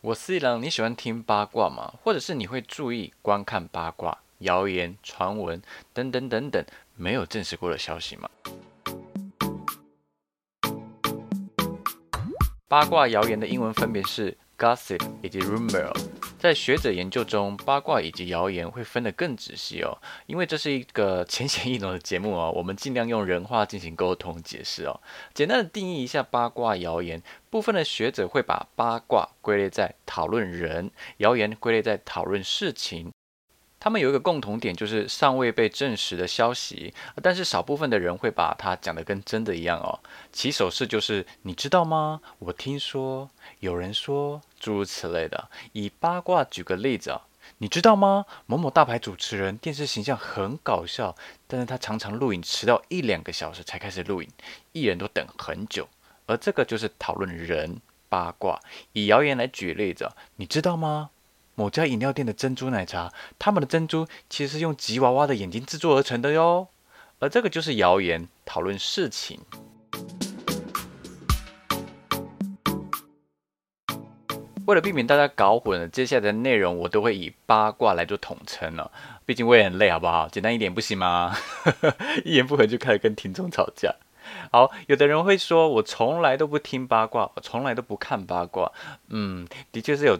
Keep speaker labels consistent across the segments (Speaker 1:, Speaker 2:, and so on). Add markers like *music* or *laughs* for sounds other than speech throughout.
Speaker 1: 我是一郎，你喜歡聽八卦嗎？或者是你會注意觀看八卦、謠言、傳聞等等等等沒有證實過的消息嗎？八卦謠言的英文分別是 gossip 以及 rumor。在學者研究中，八卦以及謠言會分得更仔細哦，因為這是一個淺顯易懂的節目哦，我們盡量用人話進行溝通解釋哦。簡單的定義一下八卦、謠言，部分的學者會把八卦歸類在討論人，謠言歸類在討論事情。他們有一個共同點，就是尚未被證實的消息，但是少部分的人會把它講得跟真的一樣哦。起手式就是，你知道嗎？我聽說有人說。諸如此類的，以八卦舉個例子啊，你知道嗎？某某大牌主持人電視形象很搞笑，但是他常常錄影遲到一兩個小時才開始錄影，藝人都等很久。而這個就是討論人八卦。以謠言來舉例子，你知道嗎？某家飲料店的珍珠奶茶，他們的珍珠其實是用吉娃娃的眼睛制作而成的喲。而這個就是謠言，討論事情。為了避免大家搞混了，接下來的內容我都會以八卦來做統稱了啊。畢竟我也很累，好不好？簡單一點不行嗎？ *laughs* 一言不合就開始跟聽眾吵架。好，有的人會說我從來都不聽八卦，我從來都不看八卦。嗯，的確是有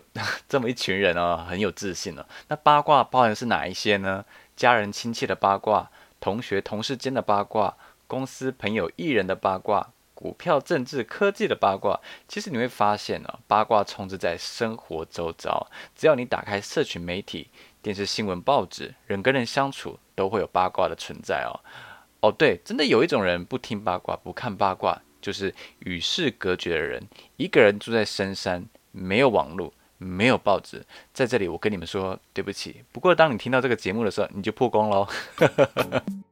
Speaker 1: 這麼一群人哦啊，很有自信啊。那八卦包含是哪一些呢？家人親戚的八卦，同學同事間的八卦，公司朋友藝人的八卦。股票、政治、科技的八卦，其實你會發現呢、哦，八卦充斥在生活周遭。只要你打開社群媒體、電視新聞、報紙，人跟人相處都會有八卦的存在哦。哦，對，真的有一種人不聽八卦、不看八卦，就是與世隔絕的人，一個人住在深山，沒有網絡，沒有報紙。在這裡，我跟你們說，對不起。不過，當你聽到這個節目的時候，你就破功嘍。 *laughs*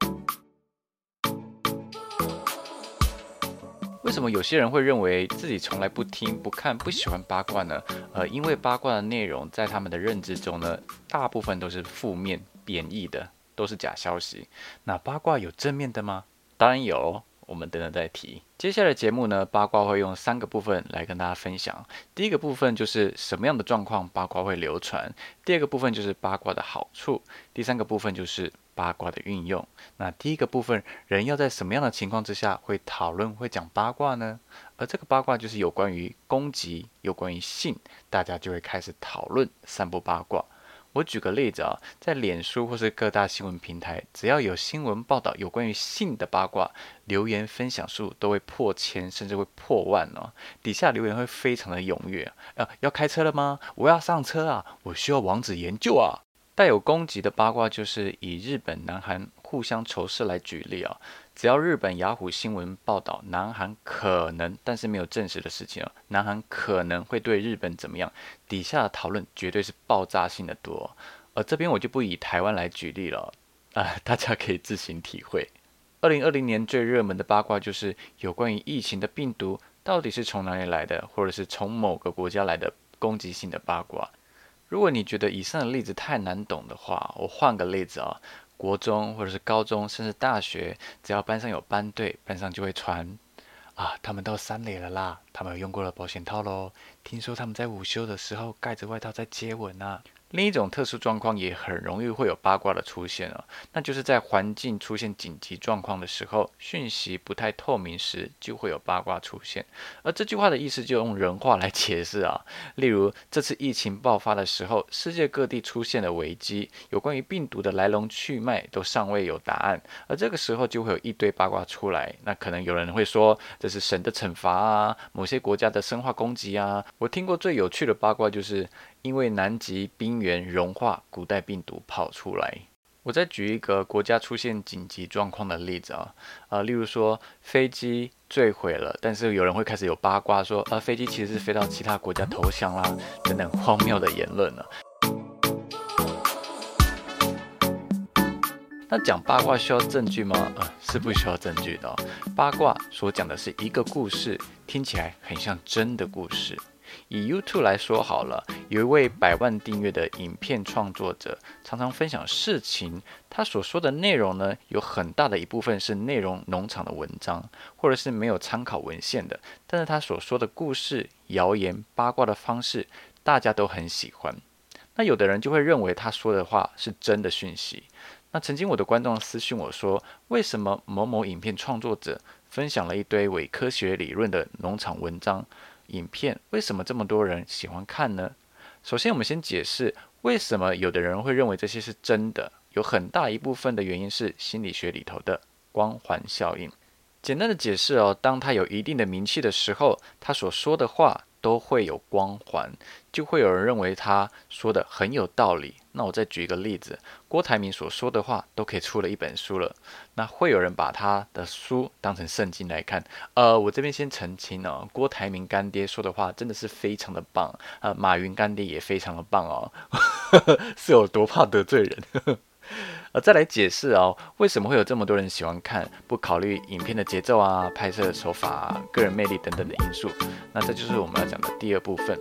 Speaker 1: 為什麼有些人會認為自己從來不聽、不看、不喜歡八卦呢？呃，因為八卦的內容在他們的認知中呢，大部分都是負面、貶義的，都是假消息。那八卦有正面的嗎？當然有，我們等等再提。接下來的節目呢，八卦會用三個部分來跟大家分享。第一個部分就是什麼樣的狀況八卦會流傳；第二個部分就是八卦的好處；第三個部分就是。八卦的運用，那第一個部分。人要在什麼樣的情況之下會討論、會講八卦呢？而這個八卦就是有關於攻擊、有關於性，大家就會開始討論、散布八卦。我舉個例子啊，在臉書或是各大新聞平台，只要有新聞報道有關於性的八卦，留言分享數都會破千，甚至會破萬哦。底下留言會非常的踴躍啊！要開車了嗎？我要上車啊！我需要網址研究啊！帶有攻擊的八卦，就是以日本、南韓互相仇視來舉例哦，只要日本雅虎新聞報道南韓可能，但是沒有證實的事情哦，南韓可能會對日本怎麼樣？底下的討論絕對是爆炸性的多哦。而這邊我就不以台灣來舉例了啊，哦，呃，大家可以自行體會。二零二零年最熱門的八卦就是有關於疫情的病毒到底是從哪裡來的，或者是從某個國家來的攻擊性的八卦。如果你覺得以上的例子太難懂的話，我換個例子啊、哦。國中或者是高中，甚至大學，只要班上有班對，班上就會傳，啊，他們到三壘了啦，他們有用過了保險套嘍，聽說他們在午休的時候蓋着外套在接吻啊。另一種特殊狀況也很容易會有八卦的出現啊、哦，那就是在環境出現緊急狀況的時候，訊息不太透明時，就會有八卦出現。而這句話的意思，就用人話來解釋啊，例如這次疫情爆發的時候，世界各地出現了危機，有關於病毒的來龍去脈都尚未有答案，而這個時候就會有一堆八卦出來。那可能有人會說，這是神的懲罰啊，某些國家的生化攻擊啊。我聽過最有趣的八卦就是。因為南極冰原融化，古代病毒跑出來。我再舉一個國家出現緊急狀況的例子啊、哦，啊、呃，例如說飛機墜毀了，但是有人會開始有八卦說，啊、呃，飛機其實是飛到其他國家投降啦，等等荒謬的言論了、啊。那講八卦需要證據嗎？呃，是不需要證據的、哦。八卦所講的是一個故事，聽起來很像真的故事。以 YouTube 來說好了，有一位百萬訂閱的影片創作者，常常分享事情。他所說的內容呢，有很大的一部分是內容農場的文章，或者是沒有參考文獻的。但是，他所說的故事、謠言、八卦的方式，大家都很喜歡。那有的人就會認為他說的話是真的訊息。那曾經我的觀眾私訊我說，為什麼某某影片創作者分享了一堆偽科學理論的農場文章？影片為什麼這麼多人喜歡看呢？首先，我們先解釋為什麼有的人會認為這些是真的。有很大一部分的原因是心理學裡頭的光環效應。簡單的解釋哦，當他有一定的名氣的時候，他所說的話。都會有光環，就會有人認為他說的很有道理。那我再舉一個例子，郭台銘所說的話都可以出了一本書了，那會有人把他的書當成聖經來看。呃，我這邊先澄清哦，郭台銘乾爹說的話真的是非常的棒，啊、呃，馬雲乾爹也非常的棒哦， *laughs* 是有多怕得罪人？ *laughs* 呃，而再來解釋哦，為什麼會有這麼多人喜歡看？不考慮影片的節奏啊、拍攝的手法啊、個人魅力等等的因素，那這就是我們要講的第二部分。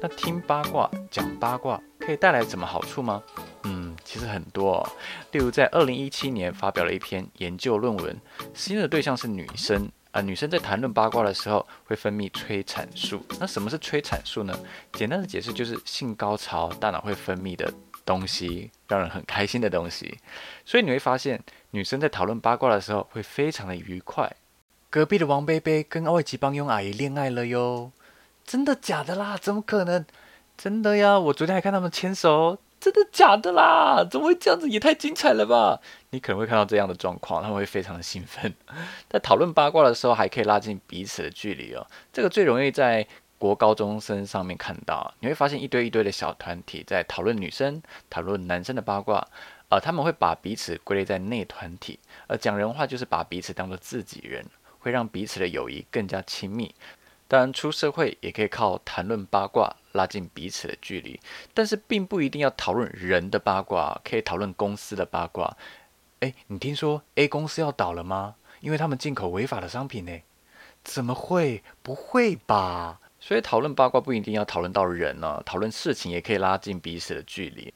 Speaker 1: 那聽八卦、講八卦可以帶來什麼好處嗎？嗯，其實很多哦，例如在二零一七年發表了一篇研究論文，新的對象是女生。啊、呃，女生在談論八卦的時候會分泌催產素。那什麼是催產素呢？簡單的解釋就是性高潮，大腦會分泌的東西，讓人很開心的東西。所以你會發現，女生在討論八卦的時候會非常的愉快。隔壁的王伯伯跟外籍幫傭阿姨戀愛了喲。真的假的啦？怎麼可能？真的呀，我昨天還看他們牽手。真的假的啦？怎麼會這樣子？也太精彩了吧！你可能會看到這樣的狀況，他們會非常的興奮，在討論八卦的時候，還可以拉近彼此的距離哦。這個最容易在國高中生上面看到，你會發現一堆一堆的小團體在討論女生、討論男生的八卦，呃，他們會把彼此歸類在內團體，而、呃、講人話就是把彼此當作自己人，會讓彼此的友誼更加親密。當然，但出社會也可以靠談論八卦拉近彼此的距離，但是並不一定要討論人的八卦，可以討論公司的八卦。誒，你聽說 A 公司要倒了嗎？因為他們進口違法的商品呢。怎麼會？不會吧？所以討論八卦不一定要討論到人呢，啊，討論事情也可以拉近彼此的距離。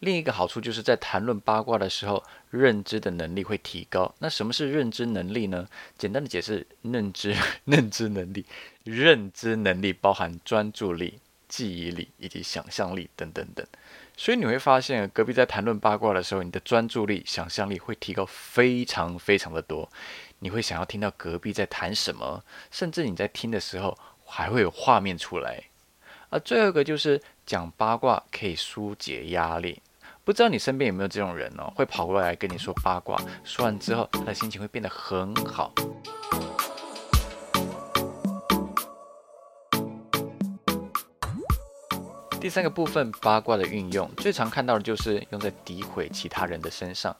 Speaker 1: 另一個好處就是在談論八卦的時候，認知的能力會提高。那什麼是認知能力呢？簡單的解釋，認知、認知能力、認知能力包含專注力、記憶力以及想象力等等等。所以你會發現，隔壁在談論八卦的時候，你的專注力、想象力會提高非常非常的多。你會想要聽到隔壁在談什麼，甚至你在聽的時候還會有畫面出來。而最後一個就是講八卦可以紓解壓力。不知道你身邊有沒有這種人哦，會跑過來跟你說八卦，說完之後他的心情會變得很好。第三個部分，八卦的運用最常看到的就是用在詆毀其他人的身上，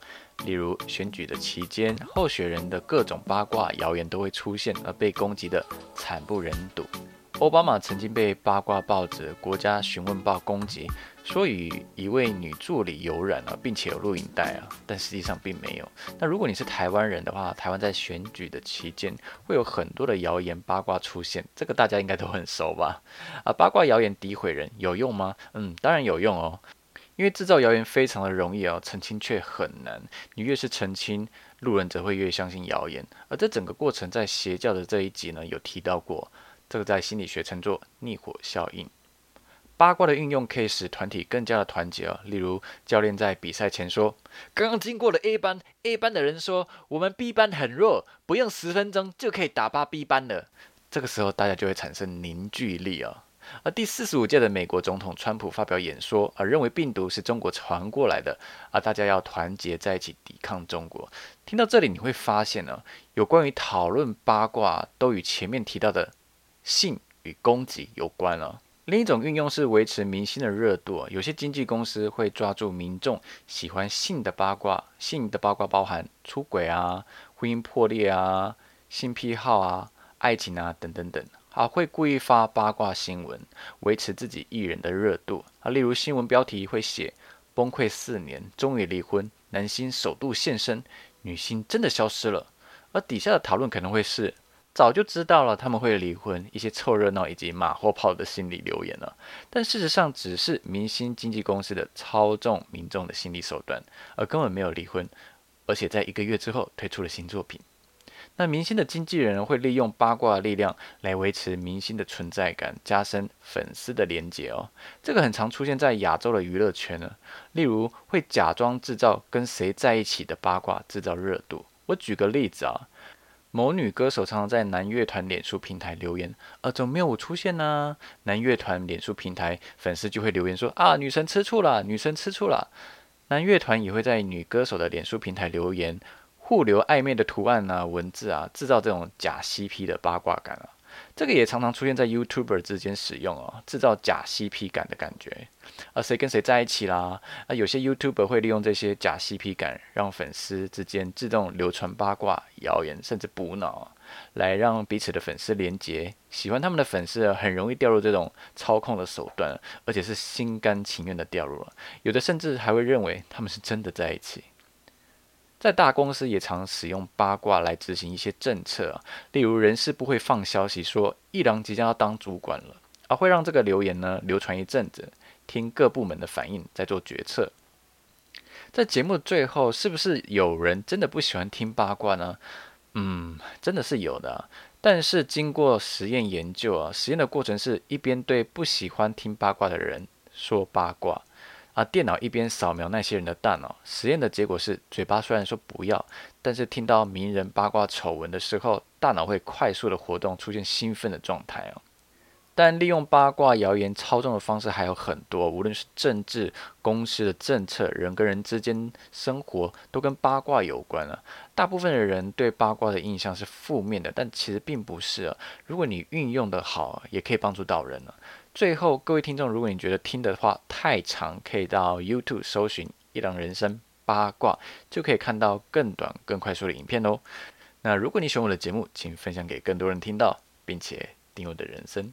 Speaker 1: 例如選舉的期間，候選人的各種八卦謠言都會出現，而被攻擊得慘不忍睹。奧巴馬曾經被八卦報紙《國家詢問報》攻擊，說與一位女助理有染啊，並且有錄影帶啊，但實際上並沒有。那如果你是台灣人的話，台灣在選舉的期間會有很多的謠言八卦出現，這個大家應該都很熟吧？啊，八卦謠言詆毀人有用嗎？嗯，當然有用哦，因為制造謠言非常的容易哦、啊，澄清卻很難。你越是澄清，路人則會越相信謠言。而這整個過程，在邪教的這一集呢，有提到過。這個在心理學稱作逆火效應。八卦的運用可以使團體更加的團結哦。例如，教練在比賽前說：“剛剛經過了 A 班，A 班的人說我們 B 班很弱，不用十分鐘就可以打爆 B 班了。”這個時候大家就會產生凝聚力啊、哦。而第四十五屆的美國總統川普發表演說，而認為病毒是中國傳過來的啊，而大家要團結在一起抵抗中國。聽到這裡，你會發現呢、哦，有關於討論八卦都與前面提到的。性與攻擊有關了、啊。另一種運用是維持明星的熱度、啊，有些經紀公司會抓住民眾喜歡性的八卦。性的八卦包含出軌啊、婚姻破裂啊、性癖好啊、愛情啊等等等。啊，會故意發八卦新聞維持自己藝人的熱度。啊，例如新聞標題會寫“崩潰四年終於離婚，男星首度現身，女星真的消失了”，而底下的討論可能會是。早就知道了他們會離婚，一些湊熱鬧以及馬後炮的心理留言了、啊。但事實上，只是明星經紀公司的操縱民眾的心理手段，而根本沒有離婚。而且在一個月之後推出了新作品。那明星的經紀人會利用八卦力量來維持明星的存在感，加深粉絲的連結。哦。這個很常出現在亞洲的娛樂圈呢、啊。例如會假裝制造跟誰在一起的八卦，制造熱度。我舉個例子啊。某女歌手常常在男樂團臉書平台留言，呃、啊，怎麼沒有我出現呢？男樂團臉書平台粉絲就會留言說，啊，女神吃醋了，女神吃醋了。男樂團也會在女歌手的臉書平台留言，互留曖昧的圖案啊、文字啊，製造這種假 CP 的八卦感啊。這個也常常出現在 YouTuber 之間使用哦，製造假 CP 感的感覺。而、啊、誰跟誰在一起啦？那、啊、有些 YouTuber 會利用這些假 CP 感，讓粉絲之間自動流傳八卦、謠言，甚至補腦，來讓彼此的粉絲連接。喜歡他們的粉絲很容易掉入這種操控的手段，而且是心甘情願的掉入了。有的甚至還會認為他們是真的在一起。在大公司也常使用八卦來執行一些政策、啊、例如人事部會放消息說一郎即將要當主管了，而、啊、會讓這個流言呢流傳一陣子，聽各部門的反應再做決策。在節目最後，是不是有人真的不喜歡聽八卦呢？嗯，真的是有的、啊。但是經過實驗研究啊，實驗的過程是一邊對不喜歡聽八卦的人說八卦。那、啊、電腦一邊掃描那些人的大腦，實驗的結果是，嘴巴雖然說不要，但是聽到名人八卦醜聞的時候，大腦會快速地活動，出現興奮的狀態哦。但利用八卦謠言操縱的方式還有很多，無論是政治、公司的政策，人跟人之間生活都跟八卦有關啊。大部分的人對八卦的印象是負面的，但其實並不是、啊、如果你運用得好，也可以幫助到人呢、啊。最後，各位聽眾，如果你覺得聽的話太長，可以到 YouTube 搜尋“一郎人生八卦”，就可以看到更短、更快速的影片哦。那如果你喜歡我的節目，請分享給更多人聽到，並且訂閱我的人生。